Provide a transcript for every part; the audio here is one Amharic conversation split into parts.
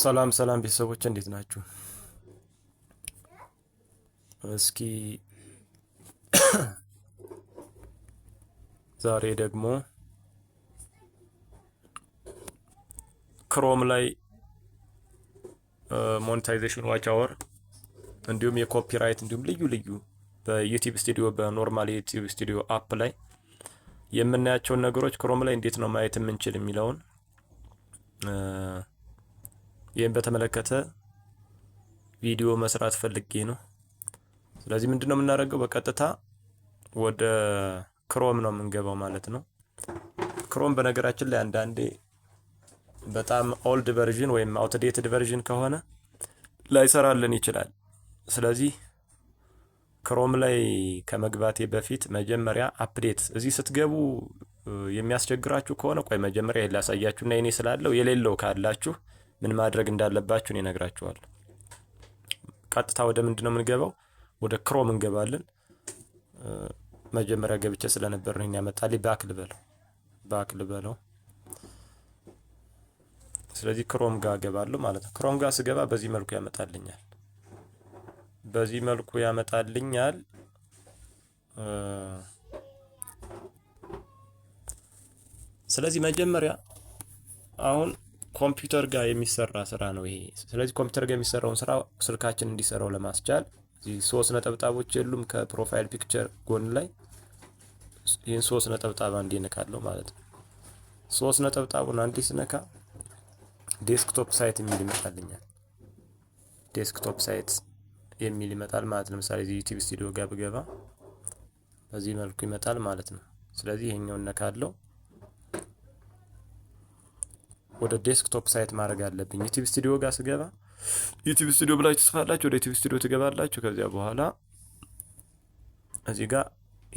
ሰላም ሰላም ቤተሰቦች እንዴት ናችሁ? እስኪ ዛሬ ደግሞ ክሮም ላይ ሞኔታይዜሽን ዋች አወር እንዲሁም የኮፒራይት እንዲሁም ልዩ ልዩ በዩቲዩብ ስቱዲዮ በኖርማል የዩቲዩብ ስቱዲዮ አፕ ላይ የምናያቸውን ነገሮች ክሮም ላይ እንዴት ነው ማየት የምንችል የሚለውን ይህም በተመለከተ ቪዲዮ መስራት ፈልጌ ነው። ስለዚህ ምንድን ነው የምናደርገው? በቀጥታ ወደ ክሮም ነው የምንገባው ማለት ነው። ክሮም በነገራችን ላይ አንዳንዴ በጣም ኦልድ ቨርዥን ወይም አውትዴትድ ቨርዥን ከሆነ ላይሰራልን ይችላል። ስለዚህ ክሮም ላይ ከመግባቴ በፊት መጀመሪያ አፕዴት እዚህ ስትገቡ የሚያስቸግራችሁ ከሆነ ቆይ መጀመሪያ ላሳያችሁ እና የኔ ስላለው የሌለው ካላችሁ ምን ማድረግ እንዳለባችሁ እኔ እነግራችኋለሁ። ቀጥታ ወደ ምንድን ነው የምንገባው? ወደ ክሮም እንገባለን። መጀመሪያ ገብቼ ስለነበር ነው ያመጣልኝ። ባክ ልበለው፣ ባክ ልበለው። ስለዚህ ክሮም ጋር እገባለሁ ማለት ነው። ክሮም ጋር ስገባ በዚህ መልኩ ያመጣልኛል፣ በዚህ መልኩ ያመጣልኛል። ስለዚህ መጀመሪያ አሁን ኮምፒውተር ጋር የሚሰራ ስራ ነው ይሄ። ስለዚህ ኮምፒውተር ጋር የሚሰራውን ስራ ስልካችን እንዲሰራው ለማስቻል እዚህ ሶስት ነጠብጣቦች የሉም ከፕሮፋይል ፒክቸር ጎን ላይ ይህን ሶስት ነጠብጣብ አንዴ ነካለሁ ማለት ነው። ሶስት ነጠብጣቡን አንዴ ስነካ ዴስክቶፕ ሳይት የሚል ይመጣልኛል። ዴስክቶፕ ሳይት የሚል ይመጣል ማለት ለምሳሌ እዚህ ዩቲዩብ ስቱዲዮ ጋር ብገባ በዚህ መልኩ ይመጣል ማለት ነው። ስለዚህ ይሄኛው እነካለው ወደ ዴስክቶፕ ሳይት ማድረግ አለብኝ። ዩቲብ ስቱዲዮ ጋር ስገባ ዩቲብ ስቱዲዮ ብላችሁ ትጽፋላችሁ። ወደ ዩቲብ ስቱዲዮ ትገባላችሁ። ከዚያ በኋላ እዚህ ጋር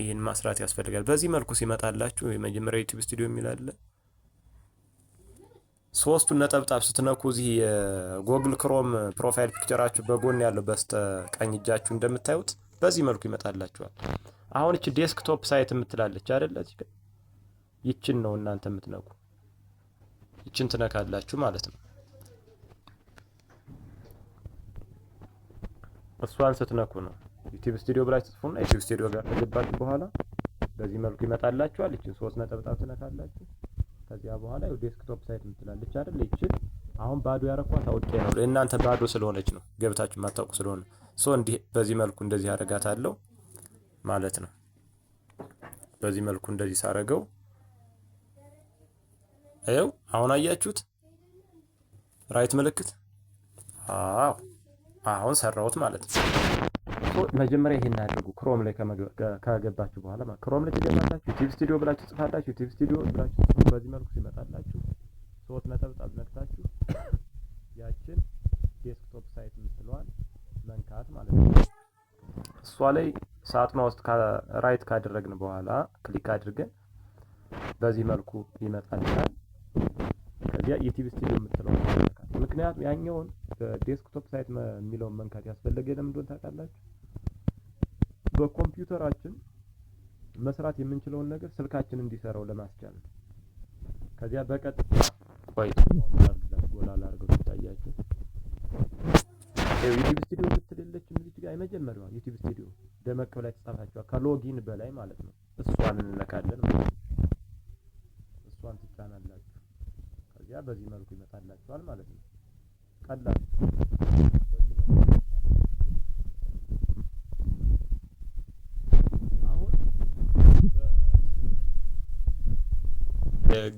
ይህን ማስራት ያስፈልጋል። በዚህ መልኩ ሲመጣላችሁ የመጀመሪያ ዩቲብ ስቱዲዮ የሚላለ። ሶስቱን ነጠብጣብ ስትነኩ እዚህ የጎግል ክሮም ፕሮፋይል ፒክቸራችሁ በጎን ያለው በስተ ቀኝ እጃችሁ እንደምታዩት በዚህ መልኩ ይመጣላችኋል። አሁን እች ዴስክቶፕ ሳይት የምትላለች አደለ? ይችን ነው እናንተ የምትነኩ ይችን ትነካላችሁ ማለት ነው። እሷን ስትነኩ ነው ዩቲብ ስቱዲዮ ብላችሁ ጽፉና ዩቲብ ስቱዲዮ ጋር ከገባችሁ በኋላ በዚህ መልኩ ይመጣላችኋል። ይችን ሶስት ነጠብጣብ ትነካላችሁ። ከዚያ በኋላ ያው ዴስክቶፕ ሳይት ምትላለች አይደል? ይችን አሁን ባዶ ያረኳት አውቄ ነው ለእናንተ ባዶ ስለሆነች ነው ገብታችሁ የማታውቁ ስለሆነ ሶ እንዲህ በዚህ መልኩ እንደዚህ አረጋታለሁ ማለት ነው። በዚህ መልኩ እንደዚህ ሳረገው ይኸው አሁን አያችሁት? ራይት ምልክት። አዎ አሁን ሰራሁት ማለት ነው። መጀመሪያ ይሄን አድርጉ። ክሮም ላይ ከገባችሁ በኋላ ክሮም ላይ ትገባላችሁ። ዩቲዩብ ስቱዲዮ ብላችሁ ጽፋላችሁ። ዩቲዩብ ስቱዲዮ ብላችሁ በዚህ መልኩ ሲመጣላችሁ ሶስት ነጠብጣብ ነክታችሁ ያችን ዴስክቶፕ ሳይት የምትለዋል መንካት ማለት ነው። እሷ ላይ ሳጥኗ ውስጥ ራይት ካደረግን በኋላ ክሊክ አድርገን በዚህ መልኩ ይመጣልናል። ከዚያ የቲቪ ስቱዲዮ የምትለው መንካት። ምክንያቱም ያኛውን በዴስክቶፕ ሳይት የሚለውን መንካት ያስፈለገ ለምን እንደሆነ ታውቃላችሁ? በኮምፒውተራችን መስራት የምንችለውን ነገር ስልካችን እንዲሰራው ለማስቻል ነው። ከዚያ በቀጥታ ቆይቶ ጎላ ላድርገው ሲታያችሁ ዩቲብ ስቱዲዮ ምትል የለችም እዚች ጋር የመጀመሪያዋ ዩቲብ ስቱዲዮ ደመቅ ብላ የተጻፋችኋል ከሎጊን በላይ ማለት ነው። እሷን እንነካለን ማለት ነው። እሷን ትጫናለን መረጃ በዚህ መልኩ ይመጣላችኋል ማለት ነው። ቀላል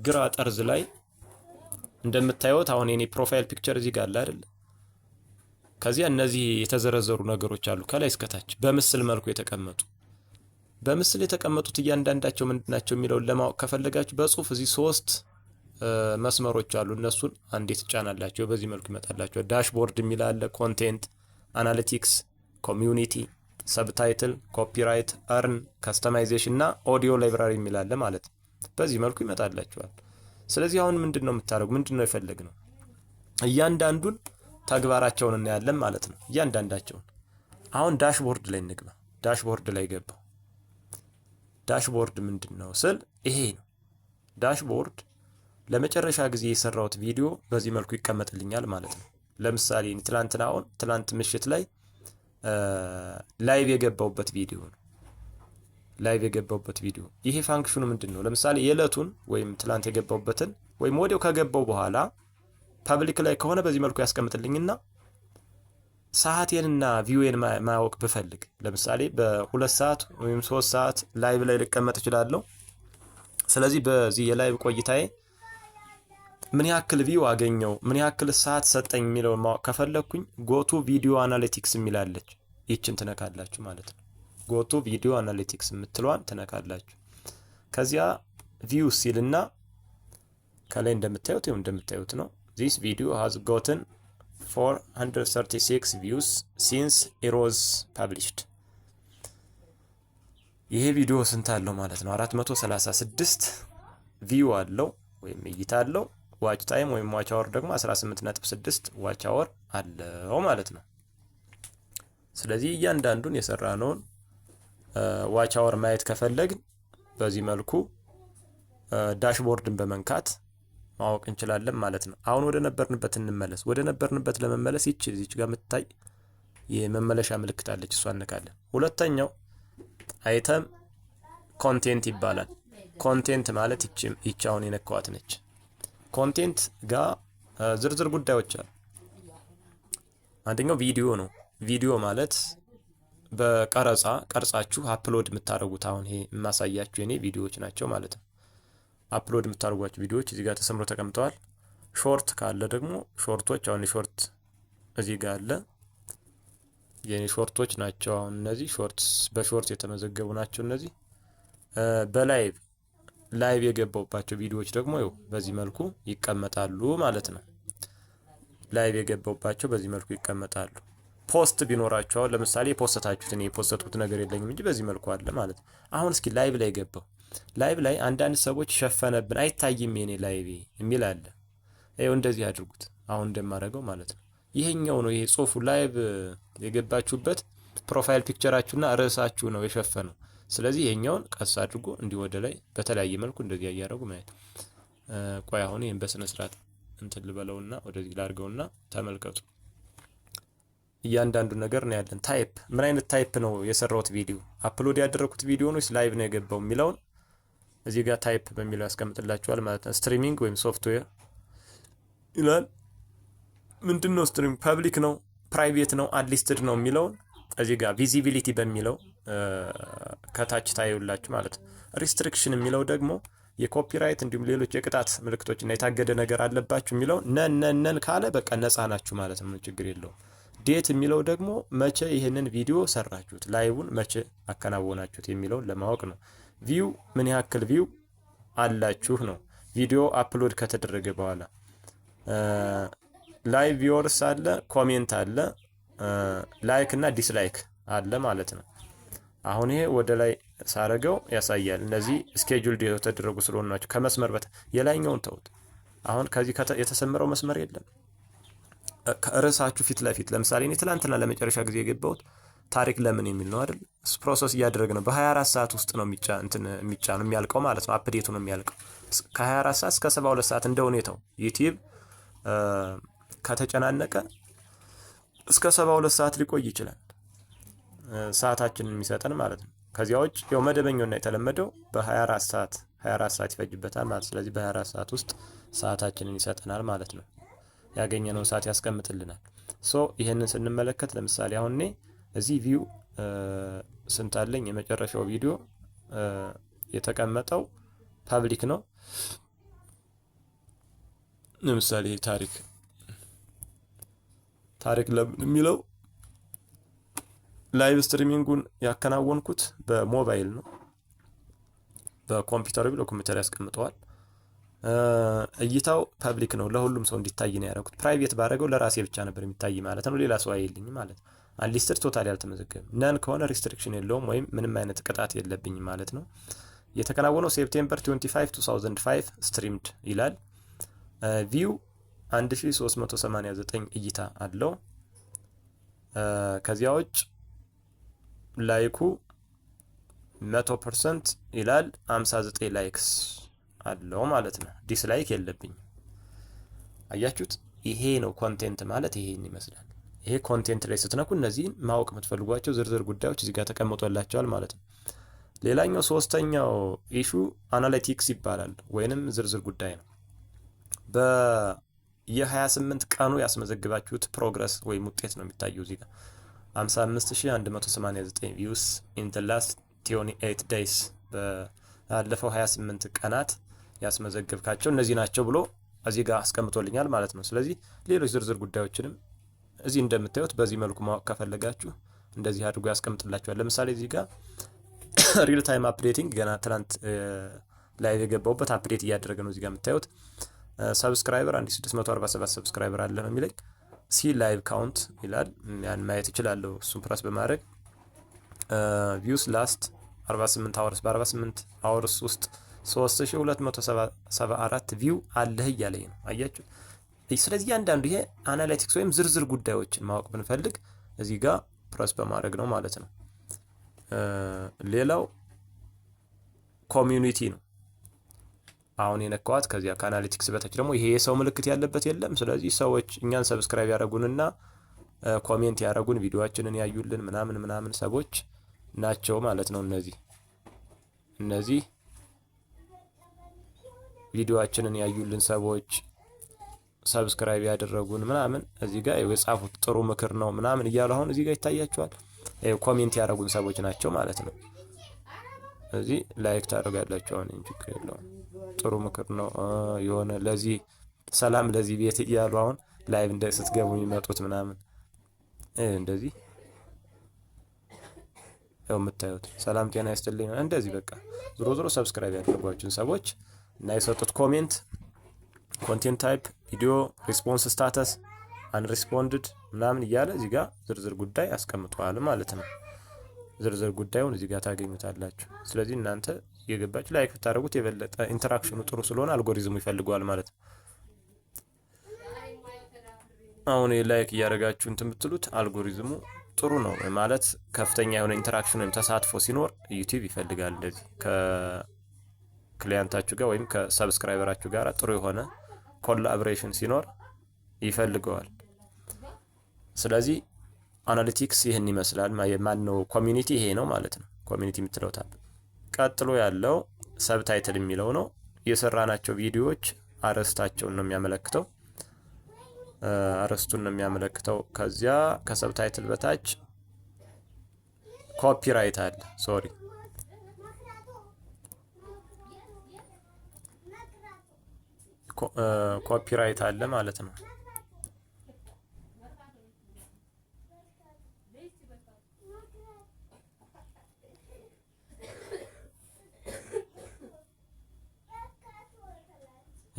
ግራ ጠርዝ ላይ እንደምታዩት አሁን የኔ ፕሮፋይል ፒክቸር እዚህ ጋር አለ አይደል? ከዚያ እነዚህ የተዘረዘሩ ነገሮች አሉ ከላይ እስከታች በምስል መልኩ የተቀመጡ በምስል የተቀመጡት እያንዳንዳቸው ምንድናቸው የሚለውን ለማወቅ ከፈለጋችሁ በጽሁፍ እዚህ ሶስት መስመሮች አሉ። እነሱን አንዴ ትጫናላቸው፣ በዚህ መልኩ ይመጣላቸው። ዳሽቦርድ የሚል አለ፣ ኮንቴንት፣ አናሊቲክስ፣ ኮሚዩኒቲ፣ ሰብታይትል፣ ኮፒራይት፣ እርን፣ ከስተማይዜሽን እና ኦዲዮ ላይብራሪ የሚል አለ ማለት ነው። በዚህ መልኩ ይመጣላቸዋል። ስለዚህ አሁን ምንድን ነው የምታደርጉ? ምንድን ነው የፈለግ ነው? እያንዳንዱን ተግባራቸውን እናያለን ማለት ነው። እያንዳንዳቸውን አሁን ዳሽቦርድ ላይ እንግባ። ዳሽቦርድ ላይ ገባው። ዳሽቦርድ ምንድን ነው ስል ይሄ ነው ዳሽቦርድ ለመጨረሻ ጊዜ የሰራሁት ቪዲዮ በዚህ መልኩ ይቀመጥልኛል ማለት ነው። ለምሳሌ ትላንትና አሁን ትላንት ምሽት ላይ ላይቭ የገባውበት ቪዲዮ ነው። ላይቭ የገባውበት ቪዲዮ ይሄ ፋንክሽኑ ምንድን ነው? ለምሳሌ የዕለቱን ወይም ትላንት የገባውበትን ወይም ወዲያው ከገባው በኋላ ፐብሊክ ላይ ከሆነ በዚህ መልኩ ያስቀምጥልኝና ሰዓቴንና ቪዌን ማወቅ ብፈልግ ለምሳሌ በሁለት ሰዓት ወይም ሶስት ሰዓት ላይቭ ላይ ልቀመጥ እችላለሁ። ስለዚህ በዚህ የላይቭ ቆይታዬ ምን ያክል ቪው አገኘው፣ ምን ያክል ሰዓት ሰጠኝ የሚለውን ማወቅ ከፈለግኩኝ ጎቱ ቪዲዮ አናሊቲክስ የሚላለች ይችን ትነካላችሁ ማለት ነው። ጎቱ ቪዲዮ አናሊቲክስ የምትለዋን ትነካላችሁ። ከዚያ ቪው ሲልና ከላይ እንደምታዩት ወይም እንደምታዩት ነው። ዚስ ቪዲዮ ሃዝ ጎትን 436 ቪውስ ሲንስ ኢሮዝ ፐብሊሽድ ይሄ ቪዲዮ ስንት አለው ማለት ነው? 436 ቪው አለው ወይም እይታ አለው። ዋች ታይም ወይም ዋች አወር ደግሞ 18.6 ዋች አወር አለው ማለት ነው። ስለዚህ እያንዳንዱን የሰራነውን ዋች አወር ማየት ከፈለግን በዚህ መልኩ ዳሽቦርድን በመንካት ማወቅ እንችላለን ማለት ነው። አሁን ወደ ነበርንበት እንመለስ። ወደ ነበርንበት ለመመለስ ይቺ እዚች ጋር የምትታይ የመመለሻ ምልክት አለች፣ እሷ እንካለን። ሁለተኛው አይተም ኮንቴንት ይባላል። ኮንቴንት ማለት ይቺ አሁን የነካዋት ነች። ኮንቴንት ጋር ዝርዝር ጉዳዮች አሉ። አንደኛው ቪዲዮ ነው። ቪዲዮ ማለት በቀረጻ ቀርጻችሁ አፕሎድ የምታደርጉት አሁን ይሄ የማሳያችሁ የኔ ቪዲዮዎች ናቸው ማለት ነው። አፕሎድ የምታደርጓቸው ቪዲዮዎች እዚህ ጋር ተሰምሮ ተቀምጠዋል። ሾርት ካለ ደግሞ ሾርቶች አሁን ሾርት እዚህ ጋር አለ። የኔ ሾርቶች ናቸው። አሁን እነዚህ ሾርትስ በሾርት የተመዘገቡ ናቸው። እነዚህ በላይቭ ላይቭ የገባውባቸው ቪዲዮዎች ደግሞ ይኸው በዚህ መልኩ ይቀመጣሉ ማለት ነው። ላይቭ የገባውባቸው በዚህ መልኩ ይቀመጣሉ። ፖስት ቢኖራቸው አሁን ለምሳሌ የፖስተታችሁት እኔ የፖስተትኩት ነገር የለኝም እንጂ በዚህ መልኩ አለ ማለት ነው። አሁን እስኪ ላይቭ ላይ ገባው። ላይቭ ላይ አንዳንድ ሰዎች ሸፈነብን አይታይም የኔ ላይቭ የሚል አለ። ይኸው እንደዚህ አድርጉት፣ አሁን እንደማደርገው ማለት ነው። ይሄኛው ነው ይሄ ጽሁፉ ላይቭ የገባችሁበት ፕሮፋይል ፒክቸራችሁና ርዕሳችሁ ነው የሸፈነው። ስለዚህ ይሄኛውን ቀስ አድርጎ እንዲህ ወደ ላይ በተለያየ መልኩ እንደዚህ እያደረጉ ማየት። ቆይ አሁን ይህን በስነ ስርዓት እንትን ልበለውና ወደዚህ ላድርገውና ተመልከቱ። እያንዳንዱ ነገር ነው ያለን። ታይፕ ምን አይነት ታይፕ ነው የሰራሁት ቪዲዮ አፕሎድ ያደረኩት ቪዲዮ ነው ላይቭ ነው የገባው የሚለውን እዚህ ጋር ታይፕ በሚለው ያስቀምጥላችኋል ማለት ነው። ስትሪሚንግ ወይም ሶፍትዌር ይላል። ምንድን ነው ስትሪም? ፐብሊክ ነው፣ ፕራይቬት ነው፣ አድሊስትድ ነው የሚለውን እዚህ ጋር ቪዚቢሊቲ በሚለው ከታች ታዩላችሁ ማለት ነው። ሪስትሪክሽን የሚለው ደግሞ የኮፒራይት እንዲሁም ሌሎች የቅጣት ምልክቶችና የታገደ ነገር አለባችሁ የሚለው ነን ነን ነን ካለ በቃ ነጻ ናችሁ ማለት ነው። ችግር የለውም። ዴት የሚለው ደግሞ መቼ ይህንን ቪዲዮ ሰራችሁት፣ ላይቡን መቼ አከናወናችሁት የሚለውን ለማወቅ ነው። ቪው ምን ያክል ቪው አላችሁ ነው። ቪዲዮ አፕሎድ ከተደረገ በኋላ ላይቭ ቪወርስ አለ፣ ኮሜንት አለ፣ ላይክ እና ዲስላይክ አለ ማለት ነው። አሁን ይሄ ወደ ላይ ሳረገው ያሳያል። እነዚህ ስኬጁልድ የተደረጉ ስለሆኑ ናቸው። ከመስመር በታ የላይኛውን ተውት። አሁን ከዚህ የተሰመረው መስመር የለም። ከርዕሳችሁ ፊት ለፊት ለምሳሌ እኔ ትላንትና ለመጨረሻ ጊዜ የገባሁት ታሪክ ለምን የሚል ነው አይደል? ፕሮሰስ እያደረግ ነው። በ24 ሰዓት ውስጥ ነው የሚጫ ነው የሚያልቀው ማለት ነው። አፕዴቱ ነው የሚያልቀው ከ24 ሰዓት እስከ 72 ሰዓት እንደ ሁኔታው ዩቲዩብ ከተጨናነቀ እስከ 72 ሰዓት ሊቆይ ይችላል። ሰዓታችንን የሚሰጠን ማለት ነው። ከዚያ ውጭ ያው መደበኛውና የተለመደው በ24 ሰዓት 24 ሰዓት ይፈጅበታል ማለት ስለዚህ በ24 ሰዓት ውስጥ ሰዓታችንን ይሰጠናል ማለት ነው። ያገኘነውን ሰዓት ያስቀምጥልናል። ሶ ይህንን ስንመለከት ለምሳሌ አሁን እኔ እዚህ ቪው ስንት አለኝ? የመጨረሻው ቪዲዮ የተቀመጠው ፓብሊክ ነው። ለምሳሌ ታሪክ ታሪክ የሚለው ላይቭ ስትሪሚንጉን ያከናወንኩት በሞባይል ነው። በኮምፒውተር ብሎ ኮምፒውተር ያስቀምጠዋል። እይታው ፐብሊክ ነው፣ ለሁሉም ሰው እንዲታይ ነው ያደረጉት። ፕራይቬት ባደረገው ለራሴ ብቻ ነበር የሚታይ ማለት ነው፣ ሌላ ሰው አይልኝ ማለት ነው። አንሊስትድ ቶታል ያልተመዘገበ ነን ከሆነ ሪስትሪክሽን የለውም ወይም ምንም አይነት ቅጣት የለብኝም ማለት ነው። የተከናወነው ሴፕቴምበር 25 2005 ስትሪምድ ይላል። ቪው 1389 እይታ አለው ከዚያ ውጭ ላይኩ 100% ይላል 59 ላይክስ አለው ማለት ነው። ዲስላይክ የለብኝም። አያችሁት? ይሄ ነው ኮንቴንት ማለት ይሄን ይመስላል። ይሄ ኮንቴንት ላይ ስትነኩ እነዚህን ማወቅ የምትፈልጓቸው ዝርዝር ጉዳዮች እዚህ ጋር ተቀምጦላቸዋል ማለት ነው። ሌላኛው ሶስተኛው ኢሹ አናሊቲክስ ይባላል ወይንም ዝርዝር ጉዳይ ነው። በየ28 ቀኑ ያስመዘግባችሁት ፕሮግረስ ወይም ውጤት ነው የሚታየው እዚህ ጋር 55189 ቪውስ ኢን ዘ ላስት 28 ዴይስ ባለፈው 28 ቀናት ያስመዘገብካቸው እነዚህ ናቸው ብሎ እዚህ ጋር አስቀምጦልኛል ማለት ነው። ስለዚህ ሌሎች ዝርዝር ጉዳዮችንም እዚህ እንደምታዩት በዚህ መልኩ ማወቅ ከፈለጋችሁ እንደዚህ አድርጎ ያስቀምጥላችኋል። ለምሳሌ እዚህ ጋር ሪል ታይም አፕዴቲንግ ገና ትናንት ላይ የገባውበት አፕዴት እያደረገ ነው። እዚህ ጋር የምታዩት ሰብስክራይበር 1647 ሰብስክራይበር አለ ነው የሚለኝ ሲ ላይቭ ካውንት ይላል። ያን ማየት ይችላለሁ። እሱን ፕረስ በማድረግ ቪውስ ላስት 48 አወርስ በ48 አወርስ ውስጥ 3274 ቪው አለህ እያለኝ ነው። አያችሁ። ስለዚህ እያንዳንዱ ይሄ አናላይቲክስ ወይም ዝርዝር ጉዳዮችን ማወቅ ብንፈልግ እዚህ ጋር ፕረስ በማድረግ ነው ማለት ነው። ሌላው ኮሚዩኒቲ ነው። አሁን የነካዋት ከዚያ ከአናሊቲክስ በታች ደግሞ ይሄ የሰው ምልክት ያለበት የለም። ስለዚህ ሰዎች እኛን ሰብስክራይብ ያደረጉንና ኮሜንት ያደረጉን ቪዲዮችንን ያዩልን ምናምን ምናምን ሰዎች ናቸው ማለት ነው። እነዚህ እነዚህ ቪዲዮችንን ያዩልን ሰዎች ሰብስክራይብ ያደረጉን ምናምን እዚህ ጋር የጻፉት ጥሩ ምክር ነው ምናምን እያሉ አሁን እዚህ ጋር ይታያቸዋል። ኮሜንት ያደረጉን ሰዎች ናቸው ማለት ነው። እዚህ ላይክ ታደርጋላችሁ። አሁን ችግር የለውም። ጥሩ ምክር ነው የሆነ ለዚህ ሰላም ለዚህ ቤት እያሉ አሁን ላይቭ እንደ ስትገቡ የሚመጡት ምናምን እንደዚህ ያው የምታዩት ሰላም ጤና ይስጥልኝ እንደዚህ በቃ ዞሮ ዞሮ ሰብስክራይብ ያደርጓችሁን ሰዎች እና የሰጡት ኮሜንት ኮንቴንት ታይፕ ቪዲዮ ሪስፖንስ ስታተስ አንሪስፖንድድ ምናምን እያለ እዚህ ጋር ዝርዝር ጉዳይ አስቀምጠዋል ማለት ነው። ዝርዝር ጉዳዩን እዚህ ጋር ታገኙታላችሁ። ስለዚህ እናንተ የገባች ላይክ ብታደረጉት የበለጠ ኢንተራክሽኑ ጥሩ ስለሆነ አልጎሪዝሙ ይፈልገዋል ማለት ነው። አሁን ላይክ እያደረጋችሁ እንትን ብትሉት አልጎሪዝሙ ጥሩ ነው ማለት ከፍተኛ የሆነ ኢንተራክሽን ወይም ተሳትፎ ሲኖር ዩቲዩብ ይፈልጋል። እንደዚህ ከክሊያንታችሁ ጋር ወይም ከሰብስክራይበራችሁ ጋር ጥሩ የሆነ ኮላብሬሽን ሲኖር ይፈልገዋል። ስለዚህ አናሊቲክስ ይህን ይመስላል። ማን ነው ኮሚኒቲ? ይሄ ነው ማለት ነው። ኮሚኒቲ የምትለው ታብ ቀጥሎ ያለው ሰብታይትል የሚለው ነው። የሰራናቸው ቪዲዮዎች አርዕስታቸውን ነው የሚያመለክተው፣ አርዕስቱን ነው የሚያመለክተው። ከዚያ ከሰብታይትል በታች ኮፒራይት አለ። ሶሪ ኮፒራይት አለ ማለት ነው።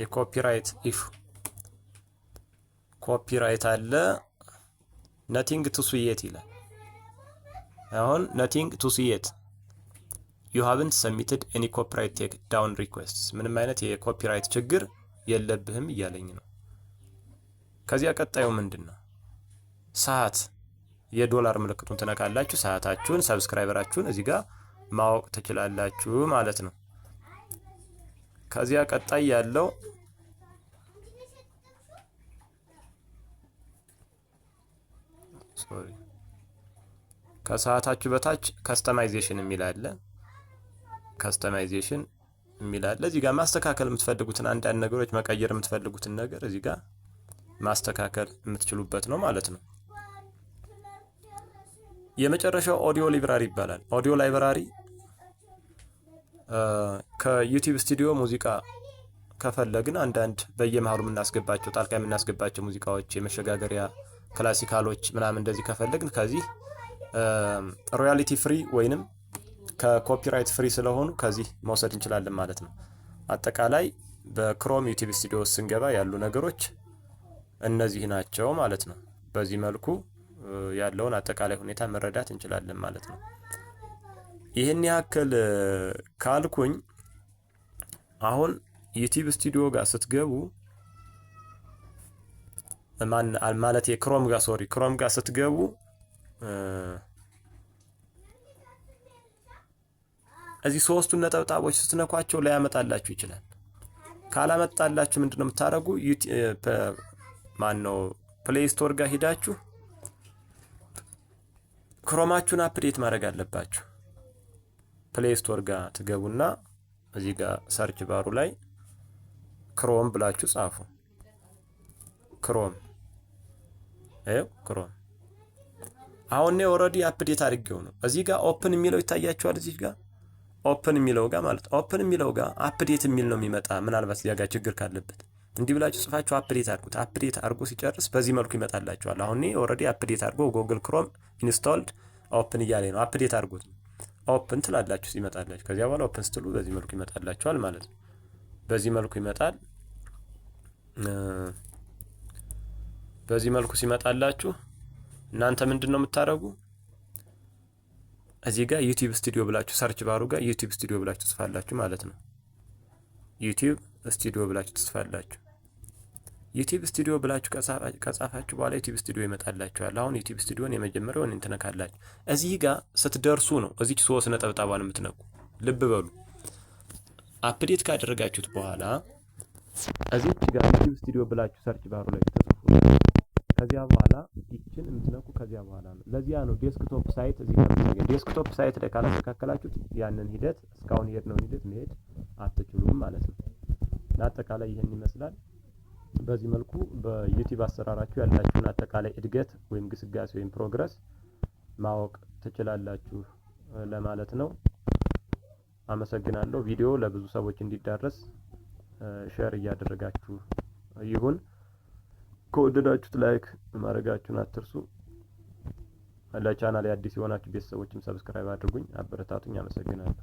የኮፒራይት ኢፍ ኮፒራይት አለ። ነቲንግ ቱስየት ይላል። አሁን ነቲንግ ቱስየት ዩ ሃቭንት ሰሚትድ ኤኒ ኮፒራይት ቴክ ዳውን ሪኩዌስት፣ ምንም አይነት የኮፒራይት ችግር የለብህም እያለኝ ነው። ከዚያ ቀጣዩ ምንድን ነው? ሰዓት የዶላር ምልክቱን ትነካላችሁ። ሰዓታችሁን፣ ሰብስክራይበራችሁን እዚህ ጋር ማወቅ ትችላላችሁ ማለት ነው። ከዚያ ቀጣይ ያለው ሶሪ ከሰዓታችሁ በታች ከስተማይዜሽን የሚል አለ። ከስተማይዜሽን የሚል አለ። እዚህ ጋር ማስተካከል የምትፈልጉትን አንዳንድ ነገሮች መቀየር የምትፈልጉትን ነገር እዚህ ጋር ማስተካከል የምትችሉበት ነው ማለት ነው። የመጨረሻው ኦዲዮ ላይብራሪ ይባላል። ኦዲዮ ላይብራሪ ከዩቲዩብ ስቱዲዮ ሙዚቃ ከፈለግን አንዳንድ በየመሀሉ የምናስገባቸው ጣልቃ የምናስገባቸው ሙዚቃዎች የመሸጋገሪያ ክላሲካሎች ምናምን እንደዚህ ከፈለግን ከዚህ ሮያሊቲ ፍሪ ወይንም ከኮፒራይት ፍሪ ስለሆኑ ከዚህ መውሰድ እንችላለን ማለት ነው። አጠቃላይ በክሮም ዩቲዩብ ስቱዲዮ ስንገባ ያሉ ነገሮች እነዚህ ናቸው ማለት ነው። በዚህ መልኩ ያለውን አጠቃላይ ሁኔታ መረዳት እንችላለን ማለት ነው። ይህን ያክል ካልኩኝ አሁን ዩቲዩብ ስቱዲዮ ጋር ስትገቡ ማለት የክሮም ጋር ሶሪ ክሮም ጋር ስትገቡ እዚህ ሶስቱን ነጠብጣቦች ስትነኳቸው ላያመጣላችሁ ይችላል። ካላመጣላችሁ ምንድን ነው የምታደርጉ? ማን ነው ፕሌይ ስቶር ጋር ሂዳችሁ ክሮማችሁን አፕዴት ማድረግ አለባችሁ። ፕሌይ ስቶር ጋር ትገቡና እዚህ ጋር ሰርች ባሩ ላይ ክሮም ብላችሁ ጻፉ። ክሮም ይኸው ክሮም። አሁን እኔ ኦልሬዲ አፕዴት አድርጌው ነው። እዚህ ጋር ኦፕን የሚለው ይታያችኋል። እዚህ ጋር ኦፕን የሚለው ጋር ማለት ኦፕን የሚለው ጋር አፕዴት የሚል ነው የሚመጣ። ምናልባት እዚያ ጋር ችግር ካለበት እንዲህ ብላችሁ ጽፋችሁ አፕዴት አድርጉት። አፕዴት አድርጎ ሲጨርስ በዚህ መልኩ ይመጣላችኋል። አሁን እኔ ኦልሬዲ አፕዴት አድርጎ ጎግል ክሮም ኢንስቶልድ ኦፕን እያለ ነው። አፕዴት አድርጉት ነው ኦፕን ትላላችሁ ይመጣላችሁ። ከዚያ በኋላ ኦፕን ስትሉ በዚህ መልኩ ይመጣላችኋል ማለት ነው። በዚህ መልኩ ይመጣል። በዚህ መልኩ ሲመጣላችሁ እናንተ ምንድን ነው የምታደርጉ? እዚህ ጋር ዩቲዩብ ስቱዲዮ ብላችሁ ሰርች ባሩ ጋር ዩቲዩብ ስቱዲዮ ብላችሁ ትጽፋላችሁ ማለት ነው። ዩቲዩብ ስቱዲዮ ብላችሁ ትጽፋላችሁ። ዩቲብ ስቱዲዮ ብላችሁ ከጻፋችሁ በኋላ ዩቲብ ስቱዲዮ ይመጣላችኋል። አሁን ዩቲብ ስቱዲዮን የመጀመሪያውን እንትነካላችሁ። እዚህ ጋር ስትደርሱ ነው እዚች ሶስት ነጠብጣቧን የምትነኩ። ልብ በሉ። አፕዴት ካደረጋችሁት በኋላ እዚች ጋር ዩቲብ ስቱዲዮ ብላችሁ ሰርች ባሩ ላይ ተጽፉ። ከዚያ በኋላ ይችን የምትነኩ ከዚያ በኋላ ነው። ለዚያ ነው ዴስክቶፕ ሳይት እዚህ ጋር የሚገኝ። ዴስክቶፕ ሳይት ላይ ካላስተካከላችሁት ያንን ሂደት እስካሁን የሄድነውን ሂደት መሄድ አትችሉም ማለት ነው። ለአጠቃላይ ይህን ይመስላል። በዚህ መልኩ በዩቲዩብ አሰራራችሁ ያላችሁን አጠቃላይ እድገት ወይም ግስጋሴ ወይም ፕሮግረስ ማወቅ ትችላላችሁ ለማለት ነው። አመሰግናለሁ። ቪዲዮ ለብዙ ሰዎች እንዲዳረስ ሼር እያደረጋችሁ ይሁን። ከወደዳችሁት ላይክ ማድረጋችሁን አትርሱ። ለቻናል አዲስ የሆናችሁ ቤተሰቦችም ሰብስክራይብ አድርጉኝ፣ አበረታቱኝ። አመሰግናለሁ።